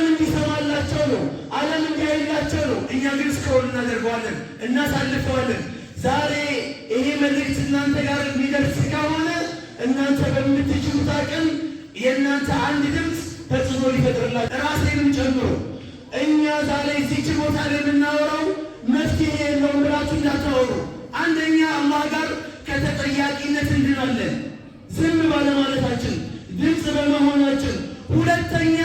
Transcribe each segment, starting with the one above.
ዓለም እንዲሰማላቸው ነው። ዓለም እንዲያይላቸው ነው። እኛ ግን እስከሆን እናደርገዋለን፣ እናሳልፈዋለን። ዛሬ ይሄ መልእክት እናንተ ጋር የሚደርስ ከሆነ እናንተ በምትችሉት አቅም የእናንተ አንድ ድምፅ ተጽዕኖ ሊፈጥርላችሁ ራሴንም ጨምሮ እኛ ዛሬ እዚች ቦታ ላይ የምናወራው መፍትሄ የለውም ብላችሁ እንዳታወሩ። አንደኛ አላህ ጋር ከተጠያቂነት እንድናለን ዝም ባለማለታችን ድምፅ በመሆናችን፣ ሁለተኛ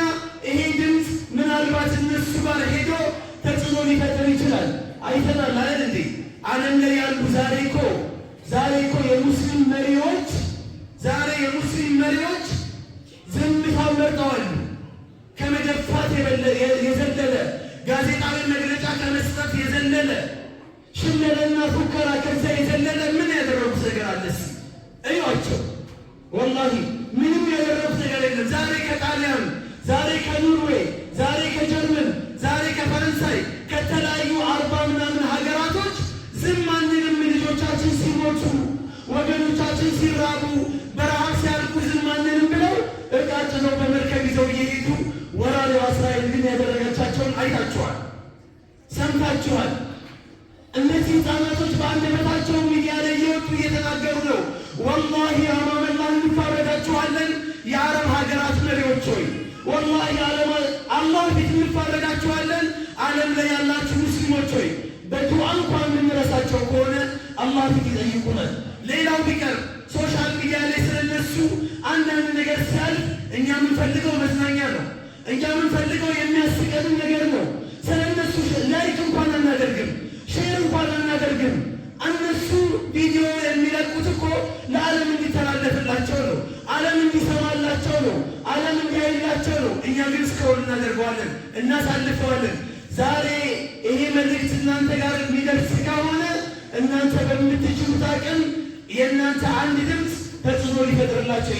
አይተናል አይተናል አይደል እንዴ? ዓለም ላይ ያሉ ዛሬ እኮ ዛሬ እኮ የሙስሊም መሪዎች ዛሬ የሙስሊም መሪዎች ዝምታው መርጠዋል። ከመደፋት የዘለለ ጋዜጣዊ መግለጫ ከመስጠት የዘለለ ሽለለና ፉከራ ከዛ የዘለለ ምን ያደረጉት ነገር አለስ? እዩዋቸው፣ ወላሂ ምንም ያደረጉት ነገር የለም። ዛሬ ከጣሊያን ነው። ወገኖቻችን ሲራቡ በረሃብ ሲያልቁ ዝም አንልም ብለው ዕቃ ጭነው በመርከብ ይዘው እየሄዱ ወራሪዋ እስራኤል ግን ያደረገቻቸውን አይታችኋል፣ ሰምታችኋል። እነዚህ ሕፃናቶች በአንደበታቸው ሚዲያ ላይ እየወጡ እየተናገሩ ነው። ወላሂ አማመላ እንፋረዳችኋለን የአረብ ሀገራት መሪዎች ሆይ ወላሂ አላህ ፊት እንፋረዳችኋለን። ዓለም ላይ ያላችሁ ሙስሊሞች ሆይ አላህ ይጠይቁናል። ሌላው ቢቀር ሶሻል ሚዲያ ላይ ስለነሱ አንዳንድ ነገር ሲያልፍ እኛ የምንፈልገው መዝናኛ ነው። እኛ የምንፈልገው የሚያስቀድም ነገር ነው። ስለነሱ ላይክ እንኳን አናደርግም፣ ሼር እንኳን አናደርግም። እነሱ ቪዲዮ የሚለቁት እኮ ለዓለም እንዲተላለፍላቸው ነው፣ ዓለም እንዲሰማላቸው ነው፣ ዓለም እንዲያይላቸው ነው። እኛ ግን እስከሆን እናደርገዋለን፣ እናሳልፈዋለን። ዛሬ ይሄ መልእክት እናንተ ጋር የሚደርስ እናንተ በምትችሉት አቅም የእናንተ አንድ ድምፅ ተጽዕኖ ሊፈጥርላቸው